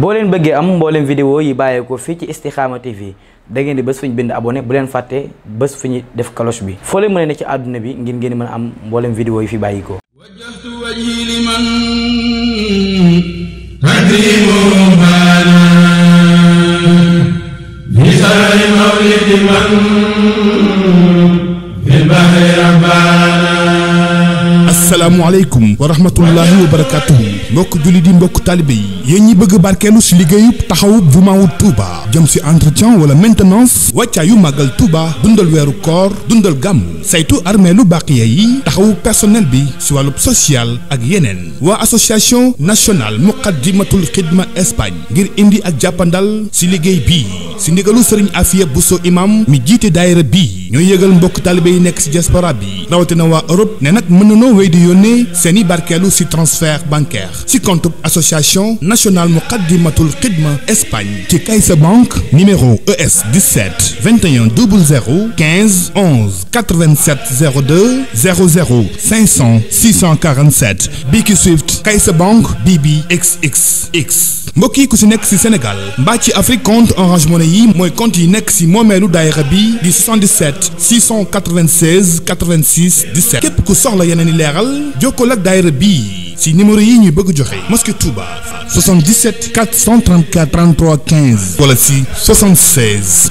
boo leen bëggee am mbooleem vidéo yi bàyyeekoo fii ci Istikhama TV da ngeen di bés fu ñu bind abonné bu leen fàtte bés fu def cloche bi foo leen mën ne ci àdduna bi ngir ngeen mën a am mbooleem vidéo yi fi bàyyikoo wajjahtu wajhi liman akrimu bi sari mawlidi man fil bahri asalaamualeykum wa rahmatullahi wa barakatuhu mbokk julli di mbokk taalibé yi yéen ñi bëgg barkeelu si liggéeyub taxawub jumaawu Touba jëm si entretien wala maintenance wàccaa yu màggal Touba dundal weeru koor dundal gàmm saytu armée lu baqiya yi taxawu personnel bi si wàllub social ak yeneen waa association nationale muqaddimatul xidma Espagne ngir indi ak jàppandal si liggéey bii si ndigalu sëriñ afiya buso imam mi jiite daayira bi ñooy yëgal mbokk taalibe yi nekk si diaspora bi rawatina waa Europe ne nag mën nanoo wéy di yónnee seeni i barkeelu si transfert bancaire si compte association nationale muqaddimatul xidma Espagne ci Caixa Bank numéro ES 17 21 00 15 11 87 02 00 500 647 Biki Swift Caixa Bank BBXXX mbokk yi ku si nekk si Sénégal mbaa ci Afrique compte Orange Money yi mooy compte yi nekk si moomeelu daayira bi di 77 696 86 képp ku soxla yeneen i leeral jokkoo ak daayira bii si numéro yi ñuy bëgg joxe mosquée Touba 77 434 33 15 wala si 76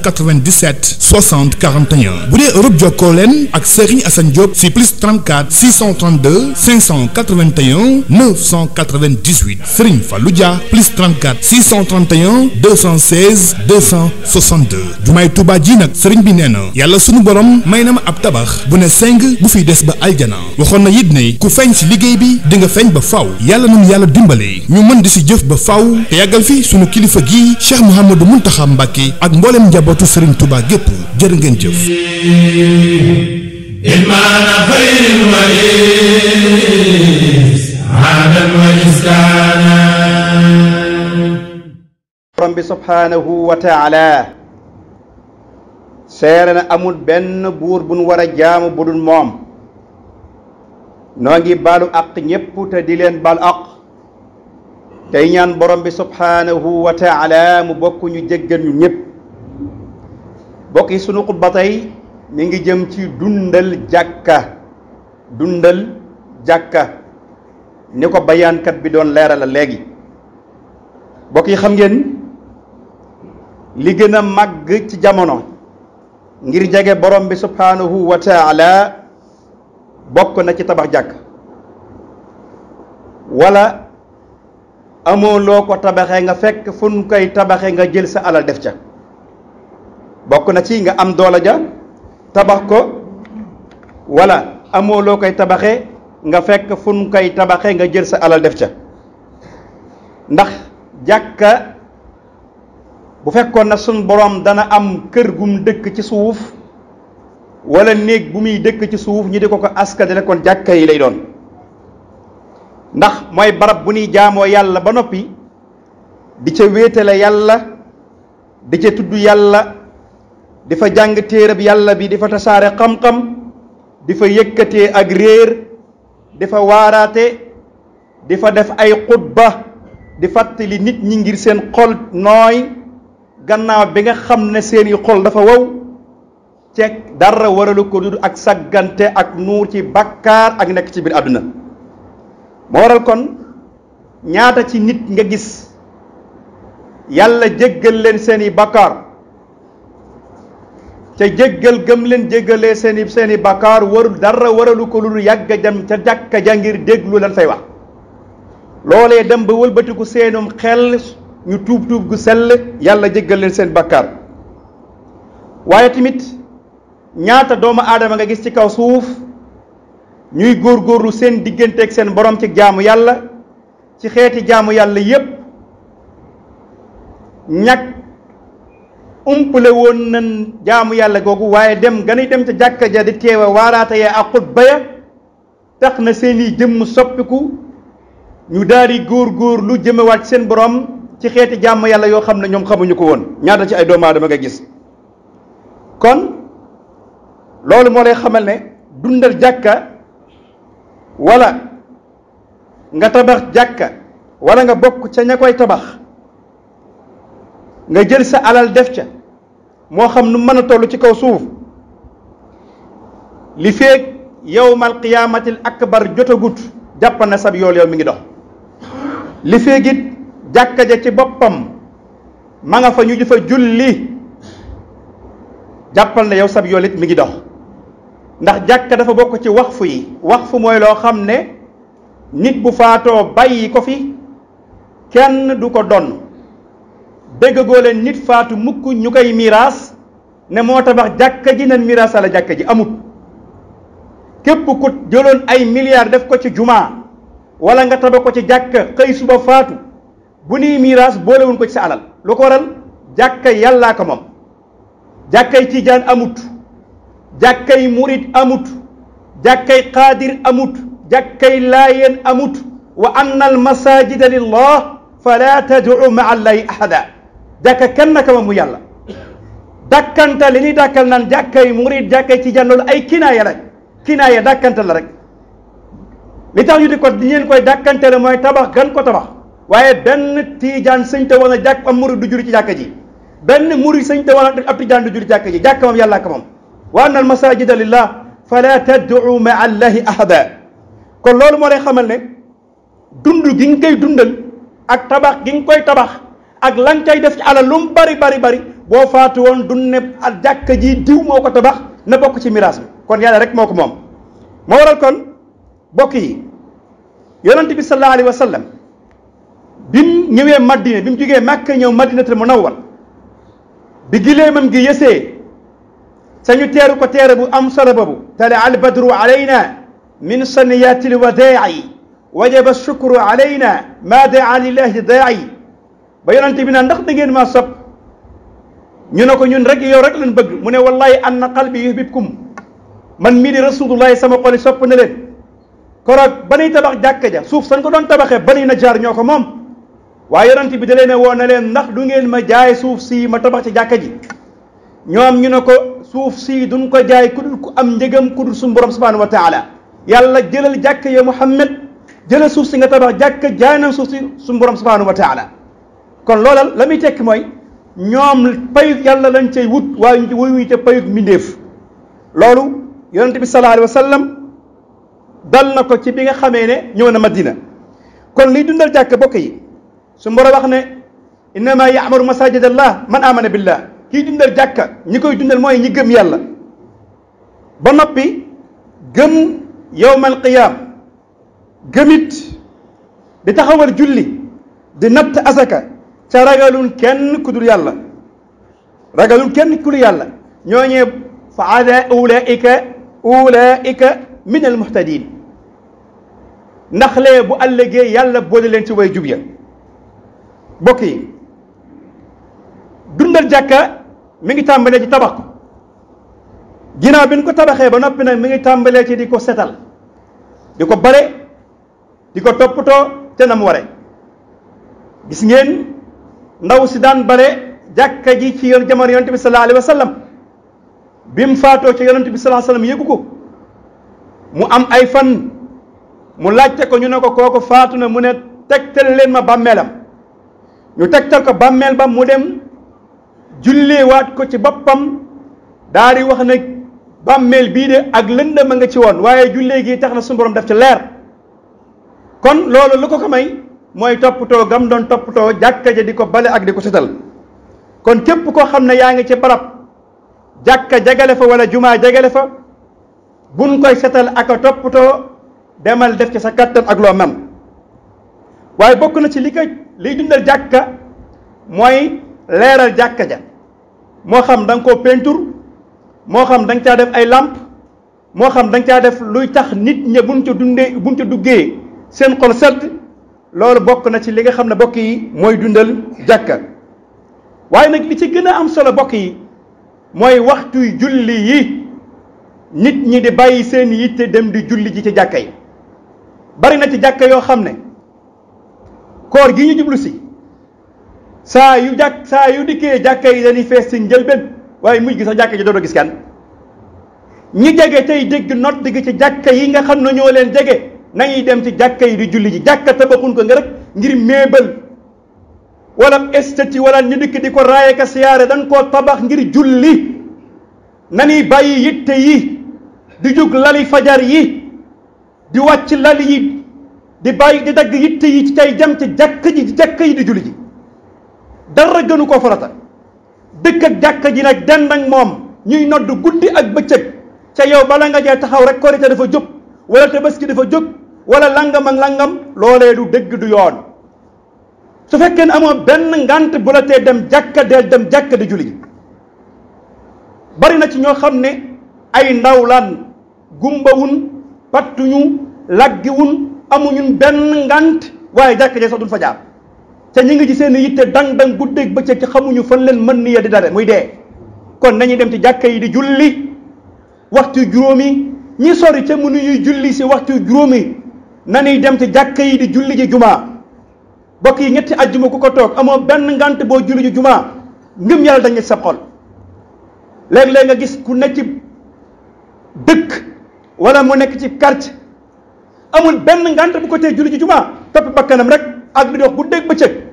697 60 41 bu dee Europe jokkoo leen ak Serigne Assane Diop si plus 34 632 581 998 Serigne Fallou Dia plus 34 631 216 262 jumaay Touba ji nag Serigne bi nee na yàlla sunu borom may na ma ab tabax bu ne seng bu fi des ba aljana waxoon na it ne ku feeñ si liggéey bi. dinga di feeñ ba faw yàlla nañu yàlla dimbale ñu mën di si jëf ba faw te yàggal fi sunu kilifa gii Cheikh Mouhamadou Mountakha Mbacké ak mbooleem njabootu Serigne tubaa gépp jërë ngeen jëf borom bi subhaanahu wa taala seere na amul benn buur buñ war a jaamu budul moom noo ngi baalu àq ñépp te di leen baal àq tey ñaan borom bi subhaanahu wa taala mu bokk ñu ñépp bokk yi sunu xutba tey mi ngi jëm ci dundal jàkka dundal jàkka ni ko bayaankat bi doon leeral la léegi bokk yi xam ngeen li gën a màgg ci jamono ngir jege borom bi subhaanahu wa taala bokk na ci tabax jàkk wala amoo loo ko tabaxee nga fekk fu nu koy tabaxee nga jël sa alal def ca bokk na ci nga am doole ja tabax ko wala amoo loo koy tabaxee nga fekk fun nu koy tabaxee nga jël sa alal def ca ndax jàkka bu fekkoon na sun boroom dana am kër gum dëkk ci suuf wala néeg bu muy dëkk ci suuf ñi di ko ko askanale kon jàkka yi lay doon ndax mooy barab bu ñuy jaamoo yàlla ba noppi di ca wéetale yàlla di ca tudd yàlla di fa jàng téerab yàlla bi di fa tasaare xam-xam di fa yëkkatee ak réer di fa waaraate di fa def ay xutba di fàttali nit ñi ngir seen xol nooy gannaaw bi nga xam ne seeni xol dafa wow teg dara waralu ko dud ak saggante ak nuur ci bakkaar ak nekk ci biir àdduna moo waral kon ñaata ci nit nga gis yàlla jéggal leen seeni bakkaar te jéggal gëm leen jéggalee seeni seeni bakkaar warul dara waralu ko lu yàgg jam ca jàkka ja ngir déglu lan fay wax loolee dem ba wëlbatiku seenum xel ñu tuub tuub gu sell yàlla jéggal leen seen bakkaar waaye tamit ñaata doomu aadama nga gis ci kaw suuf ñuy góor góorgóorlu seen diggante ak seen boroom ci jaamu yàlla ci xeeti jaamu yàlla yépp ñag umpale woon nañ jaamu yàlla googu waaye dem nga ganuy dem ca jàkka ja di teewe waaraata ya ak xutba ya tax na seeni jëmm soppiku ñu daal di góorgóorlu jëmewaat seen boroom ci xeeti jaamu yàlla yoo xam ne ñoom xamuñu ko woon ñaata ci ay doomu aadama nga gis kon loolu moo lay xamal ne dundal jàkka wala nga tabax jàkka wala nga bokk ca ña koy tabax nga jël sa alal def ca moo xam nu mën a toll ci kaw suuf li féeg feeg yowmal qiyaamatil akbar jotagut jàppal na sab yool yow mi ngi dox li feeg it jàkka ja ci boppam ma nga fa ñu di fa julli jàppal na yow sab yool it mi ngi dox ndax jàkka dafa bokk ci wax fu yi wax fu mooy loo xam ne nit bu faatoo bàyyi ko fi kenn du ko donn déggagoo leen nit faatu mukk ñu koy miraas ne moo tabax jàkka ji nan miraasala jàkka ji amut képp ku jëloon ay milliards def ko ci jumaa wala nga tabax ko ci jàkka xëy suba faatu bu nuy miraas boolewuñ ko ci sa alal lu ko waral jàkka yàllaa ko moom jàkkay tiijaan amut jàkkay murit amut jàkkay qaadir amut jàkkay laayeen amut wa anna almasajida lillah fala tad'u ma allahi ahada jàkka kenn naka ma mu yàlla dàkkanta li ñuy dàkkal naan jàkkay murit jàkkay ci jànn loolu ay kinaaya rek kinaaya dàkkanta la rek li tax ñu di ko di ngeen koy dàkkante mooy tabax kan ko tabax waaye benn tiijaan sëñ te woon a jàkk am murit du juri ci jàkka ji benn murit sëñ te woon a ab tiijaan du juri ci jàkka ji jàkka moom yàlla ka wa anna al masajida lillah fala tad'u ma'a allahi ahada kon loolu moo lay xamal ne dund gi nga koy dundal ak tabax gi nga koy tabax ak lan cay def ci alal lu mu bari bari bari boo faatu woon dund ne ak jàkka ji diw moo ko tabax na bokk ci miraas bi kon yàlla rek moo ko moom moo waral kon bokk yi yonent bi sallallahu alayhi wa bi mu ñëwee Madina bi mu jógee Màkka ñëw Madinatul Munawwar bi gileemam gi yësee sañu teeru ko teere bu am solo boobu tale albadru alayna min saniyati lwadaa'i wajaba shukru alayna ma daa lillahi daa'i ba yonente bi na ndax da ma maa sopp ñu ne ko ñun rek yow rek lañ bëgg mu ne wallahi anna qalbi yuhibbukum man mii di rasulullahi sama xoli sopp na leen koroog ba nuy tabax jàkka ja suuf san ko doon tabaxee ba na jaar ñoo ko moom waaye yonente bi da leen woo na leen ndax du ngeen ma jaay suuf si ma tabax ci jàkka ji ñoom ñu ne ko suuf sii duñ ko jaay ku dul ku am njëgam ku dul suñu borom subhanahu wa taala yàlla jëlal jàkk yow Muhammad jëlal suuf si nga tabax jàkk jaay suuf si suñu borom subhanahu wa taala kon loolal la tekki mooy ñoom payut yàlla lañ cay wut waaye wuñu ca payut mbindéef loolu yonent bi sallallahu alayhi wa sallam dal na ko ci bi nga xamee ne ñëw na Madina kon liy dundal jàkk bokk yi su mboro wax ne innama yaamaru masajid allah man amana billah kii dundal jàkka ñi koy dundal mooy ñi gëm yàlla ba noppi gëm yowmal qiyaam gëmit di taxawal julli di natt asaka ca ragalul kenn ku dul yàlla ragalul kenn ku dul yàlla ñooñee fa ada ulaika ulaika min al ndax lee bu àllëgee yàlla boole leen ci way jub ya bokk dundal jàkka mi ngi tàmbalee ci tabax ko ginnaaw bi ñu ko tabaxee ba noppi nag mi ngi tàmbalee ci di ko setal di ko bare di ko toppatoo te na mu ware gis ngeen ndaw si daan bare jàkka ji ci yoon jamono bi sallallahu alayhi bi mu faatoo ci yonent bi sallallahu alayhi wa ko mu am ay fan mu laajte ko ñu ne ko kooku faatu na mu ne tegtal leen ma bàmmeelam ñu tegtal ko bàmmeel ba mu dem waat ko ci boppam daa di wax nag bàmmeel bii de ak lëndëm a nga ci woon waaye jullee gi tax na suñu borom def ci leer kon loolu lu ko ko may mooy toppatoo gam doon toppatoo jàkka ja di ko bale ak di ko setal kon képp koo xam ne yaa ngi ci barab jàkka jagale fa wala jumaa jagale fa bun koy setal ak a toppatoo demal def ci sa kattan ak loo mem waaye bokk na ci li ko liy dundal jàkka mooy leeral jàkka ja moo xam da nga koo peinture moo xam da nga caa def ay làmp moo xam da nga caa def luy tax nit ña buñ ca dundee buñ ca duggee seen xol sedd loolu bokk na ci li nga xam ne bokk yi mooy dundal jàkka waaye nag li ci gën a am solo bokk yi mooy waxtuy julli yi nit ñi di bàyyi seen yitte dem di julli ji ci jàkka yi bari na ci jàkka yoo xam ne koor gi ñu jublu si saa yu jàkk saa yu dikkee jàkka yi dañuy fees ci njëlbeen waaye mujj gi sax jàkka ji dootoo gis kenn ñi jege tey dégg nodd gi ci jàkka yi nga xam ne ñoo leen jege nañuy dem ci jàkka yi di julli ji jàkka tabaxun ko nga rek ngir meebal wala estati wala ñu dikk di ko raaye siyaare dañ koo tabax ngir julli nañuy bàyyi yitte yi di jug lali fajar yi di wàcc lali di bàyyi di dagg yitte yi ci tey dem ci jàkka ji jàkka yi di julli ji dara gënu ko farata dëkk ak jàkka ji nag dend ak moom ñuy nodd guddi ak bëccëg ca yow bala nga jee taxaw rek korite dafa jóg wala tabaski dafa jóg wala langam ak langam loole du dégg du yoon su fekkee ne amoon benn ngant bu la tee dem jàkka deel dem jàkka di julli bari na ci ñoo xam ne ay ndaw laan gumbawun pattuñu laggiwun amuñu benn ngant waaye jàkka jee sax duñ fa te ñu ngi ci seen yitte dang dang guddeeg bëccëg ci xamuñu fan leen mën ni ya di dare muy dee kon nañuy dem ci jàkka yi di julli waxtu juróomi ñi sori ca mënuñuy julli si waxtu juróomi na nañuy dem ci jàkk yi di julli ji jumaa bokk yi ñetti ajjuma ku ko toog amoo benn ngant boo julli ji jumaa ngëm yàlla dañu sa xol léeg-léeg nga gis ku nekk ci dëkk wala mu nekk ci quartier amul benn ngant bu ko tee julli ji jumaa topp bakkanam rek ak bi dox bu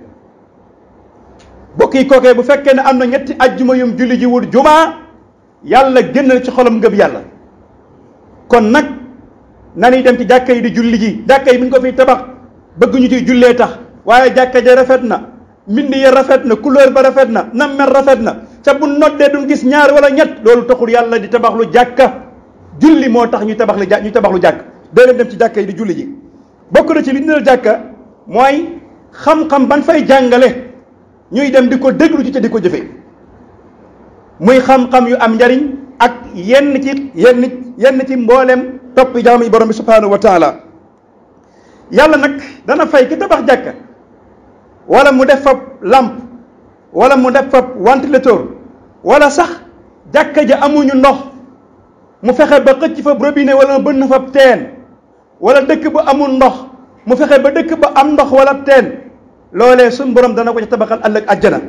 bokk yi kookee bu fekkee ne am na ñetti ajjuma yum julli ji wut jumaa yàlla génn ci xolam ngëm yàlla kon nag nanuy dem ci jàkka yi di julli ji jàkka yi bi ñu ko fi tabax bëgg ci ciy jullee tax waaye jàkka ja rafet na mbind ya rafet na couleur ba rafet na nam rafet na ca bu noddee duñ gis ñaar wala ñett loolu taxul yàlla di tabax lu jàkka julli moo tax ñu tabax lu ja ñu tabax lu jàkk doo leen dem ci jàkka yi di julli ji bokk na ci li ñu jàkka mooy xam ban fay jàngale ñuy dem di ko déglu ci ca di ko jëfe muy xam-xam yu am njariñ ak yenn ci yenn yenn ci mboolem toppi jaam yi borom bi subhaanahu wa yàlla nag dana fay ki tabax jàkka wala mu def fab làmp wala mu def fab ventilateur wala sax jàkka ji amuñu ndox mu fexe ba xëcc fab robinet wala bënn fab teen wala dëkk bu amul ndox mu fexe ba dëkk ba am ndox wala teen loolee suñ borom dana ko ci tabaxal ëllëg àjjana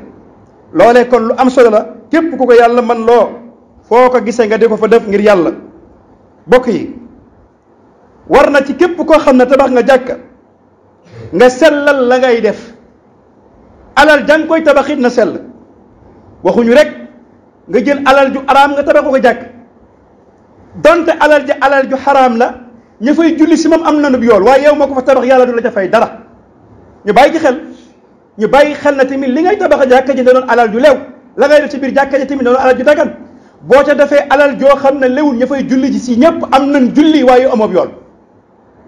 loolee kon lu am solo la képp ku ko yàlla man loo foo ko gisee nga di fa def ngir yàlla bokk yi war na ci képp koo xam ne tabax nga jàkka nga sellal la ngay def alal jàng koy tabaxit na sell waxuñu rek nga jël alal ju araam nga tabaxu jàkk donte alal ja alal ju xaraam la ña fay julli si moom am nanub yool waaye yow moo ko fa tabax yàlla du la ca fay dara ñu bàyyi ci xel ñu bàyyi xel na tamit li ngay tabax jàkka ji na doon alal ju lew la ngay def ci biir jàkka ji tamit na doon alal ju dagan boo ca defee alal joo xam ne lewul ñu fay julli ji si ñëpp am nañ julli waaye amob yoon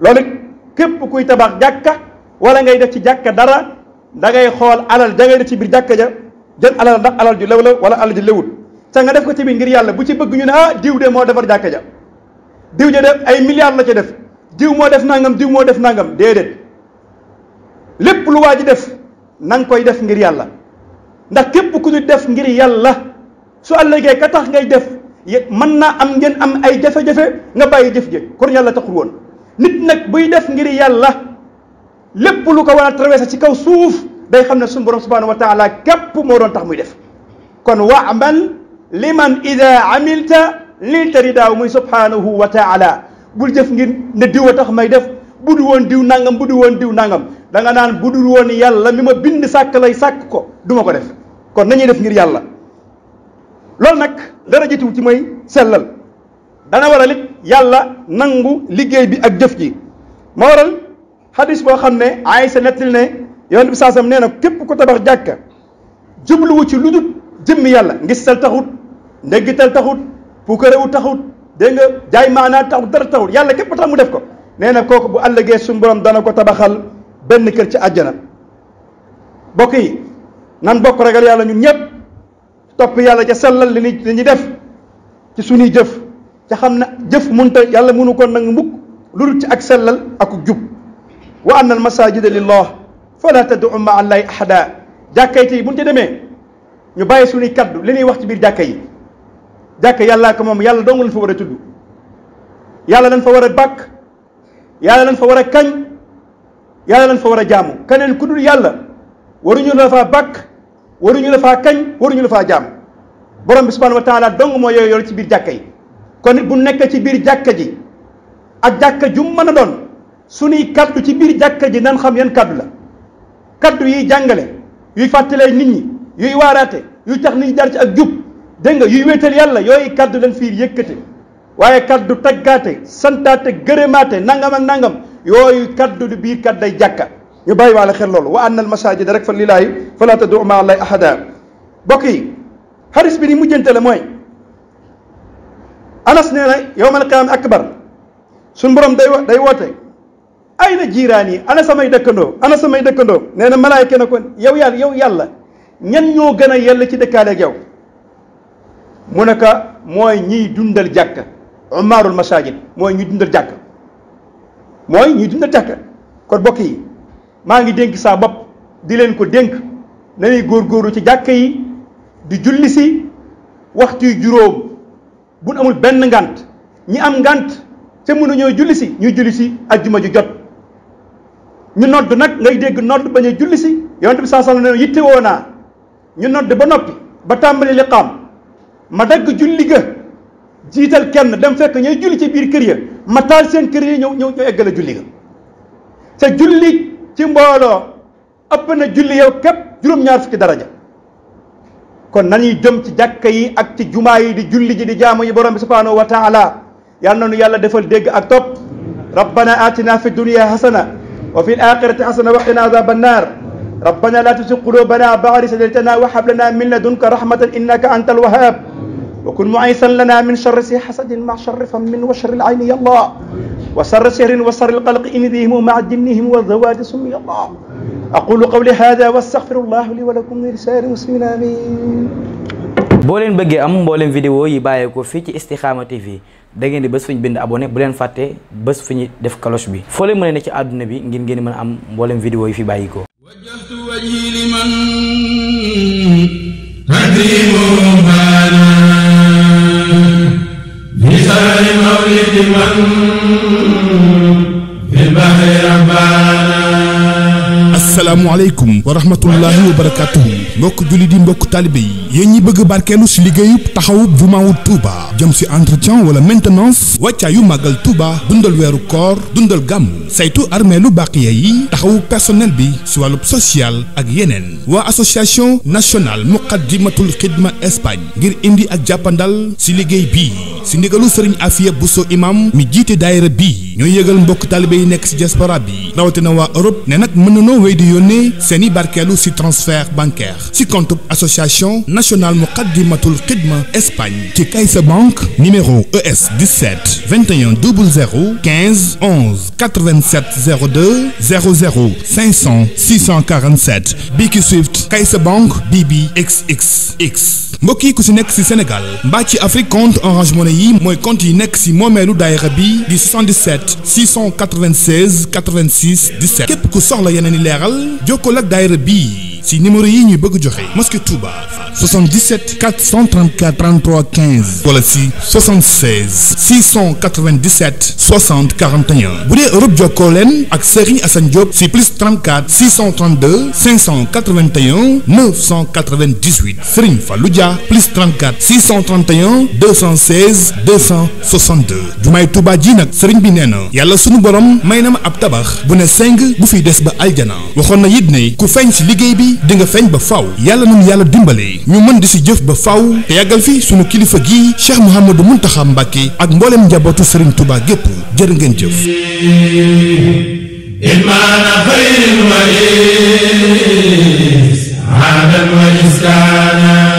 loolu képp kuy tabax jàkka walla ngay def ci jàkka dara da xool alal da ngay ci biir jàkka ja jël alal ndax alal ju lew la wala alal ju lewul sa nga def ko tamit ngir yàlla bu ci bëgg ñu ne ah diw de moo defar jàkka ja diw ja def ay milliards la ca def diw moo def nangam diw moo def nangam déedéet lépp lu waa ji def na koy def ngir yàlla ndax képp ku def ngir yàlla su àllëgee ka tax ngay def mën naa am ngeen am ay jafe-jafe nga bàyyi jëf jëf kon yàlla taxul woon nit nag buy def ngir yàlla lépp lu ko war a traversé ci kaw suuf day xam ne suñu borom subhanahu wa taala képp moo doon tax muy def kon man waamal liman ida amilta lii tari daaw muy subhanahu wa taala bul jëf ngir ne diw a tax may def bu di woon diw nangam bu di woon diw nangam danga nga naan bu dul woon yàlla mi ma bind sàkk sàkk ko duma ko def kon nañuy def ngir yàlla loolu nag dara jëtiw ci mooy sellal dana waral yàlla nangu liggéey bi ak jëf ji moo waral xadis boo xam ne Aysa nettali ne yonent bi saasam nee na képp ko tabax jàkka jubluwu ci lu dul jëmmi yàlla ngistal taxut ndéggital taxut puukarewu taxut dégg nga jaay maanaa taxut dara taxut yàlla képp tax mu def ko nee na kooku bu àllëgee suñu borom dana ko tabaxal benn kër ci àjjana bokk yi nan bokk ragal yàlla ñu ñëpp topp yàlla ca sellal li li ñuy def ci suñuy jëf ca xam na jëf munta yàlla mënu ko nangu mukk lu dul ci ak sellal ak jub wa anna al masajida lillah fala tad'u ma allahi ahada jàkka yi tey buñ ca demee ñu bàyyi suñuy kaddu li ñuy wax ci biir jàkka yi jàkka yàllaa ko moom yàlla dong lañ fa war a tudd yàlla lañ fa war a bàkk yàlla lañ fa war a kañ yàlla lañ fa war a jaamu keneen ku yàlla waruñu la faa bàkk waruñu la faa kañ waruñu la faa jaam borom bi subhanahu wa taala dong moo yooyu yoolu ci biir jàkka yi kon bu nekk ci biir jàkka ji ak jàkka ju mën a doon suñuy kaddu ci biir jàkka ji nan xam yan kaddu la kaddu yiy jàngale yuy fàttalee nit ñi yuy waaraate yuy tax nit ñi jaar ci ak jub dégg nga yuy wéetal yàlla yooyu kaddu lañ fiir yëkkate waaye kaddu taggaate santaate gërëmaate nangam nangam yooyu kaddu du kat day jàkka ñu bàyyi waale xel loolu wa anna al masajida rek fa lillaahi fala tad'u ma'a yi xaris bi ni mujjante la mooy anas nee na yowmal qiyaam akbar borom day day woote ay na jiiraan yi ana samay dëkkandoo ana samay dëkkandoo nee na malaayka ne yow yàlla yow yàlla ñan ñoo gën a yell ci dëkkaale ak yow mu ne ko mooy ñiy dundal jàkka umaarul masajid mooy ñiy dundal jàkka mooy ñuy dund tekk kon bokk yi maa ngi dénk saa bopp di leen ko dénk nañuy góorgóorlu ci jàkk yi di julli si waxtu yu juróom bu amul benn ngant ñi am ngant te mënuñoo julli si ñuy julli si ajjuma ju jot ñu nodd nag ngay dégg nodd ba a julli si yonent bi saa sallam ne yitte woo naa ñu nodd ba noppi ba tàmbali liqaam ma dagg julli ga jiital kenn dem fekk ñooy julli ci biir kër ya ma taal seen kër yi ñëw ñëw ñëw eggale julli ga te julli ci mbooloo ëpp na julli yow képp juróom-ñaar fukki daraja kon nañuy jëm ci jàkka yi ak ci jumaa yi di julli ji di jaamu yi borom bi wa taala yàlla na nu yàlla defal dégg ak topp rabbana atina fi dunya hasana wa fi l-axirati hasana wa qina azaba annar rabbana la tuzigh qulubana ba'da idh hadaytana wa hab lana min ladunka rahmatan innaka antal wahhab wa kun muaysan lana min charri si xasadin ma charri fammin wa charri alayni yàlla wa charri shahrin wa charri alqalqi inidihim ma jinnihim wa zawadi summi yàlla aqulu qawli hada wa astaxfirullah li wa lakum wa li saa'iri muslimin amin boo leen bëggee am mboolem vidéo yi bàyyeekoo fii ci Istikhama TV da ngeen di bés fu ñu bind abonné bu leen fàttee bés fu ñu def cloche bi foo leen mën a ne ci àdduna bi ngir ngeen mën a am mboolem vidéo yi fi bàyyikoo wajjahtu wajhi liman asalaamualeykum wa rahmatullahi wa barakatuhu mbokk julli di mbokk taalibe yi yéen ñi bëgg barkeelu si liggéeyub taxawub jumaawul Tuuba jëm si entretien wala maintenance yu màggal Touba dundal weeru koor dundal gàmmu saytu armée lu bàqiya yi taxawu personnel bi si wàllu social ak yeneen waa association nationale muqaddimatul xidma Espagne ngir indi ak jàppandal si liggéey bii si ndigalu sëriñ Afia Bousso imam mi jiite daayira bii ñooy yëgal mbokk taalibe yi nekk si diaspora bi na waa Europe ne nag mën nanoo wéy di yónnee seeni i barkeelu si transfert bancaire si compte association nationale muqaddimatul banque numéro ES 17 21 00 15 11 87 02 00 500 647 BIC Swift CaixaBank BBXXX mbokk yi ku si nekk si Sénégal mbaa ci Afrique compte Orange Money yi mooy compte yi nekk si moomeelu daayira bi di 77 696 86 17 képp ku soxla yeneen i leeral jokkoo ak daayira bii yi si numéro yi ñu bëgg joxe mosquée Touba 77 434 33 15 wala si 76 697 60 41 bu dee Europe jokkoo leen ak Serigne Assane Diop si plus 34 632 581 998 Serigne Fallou Dia plus 34 631 216 262 jumaay Touba ji nag Serigne bi nee na yàlla sunu borom may na ma ab tabax bu ne seng bu fi des ba aljana waxoon na it ne ku feeñ si liggéey bi. yi nga feeñ ba faaw yàlla nañu yàlla dimbale ñu mën di si jëf ba faaw te yàggal fi sunu kilifa gii Cheikh Mouhamadou Mountakha Mbacké ak mboolem njabootu Serigne tubaa gépp jël ngeen jëf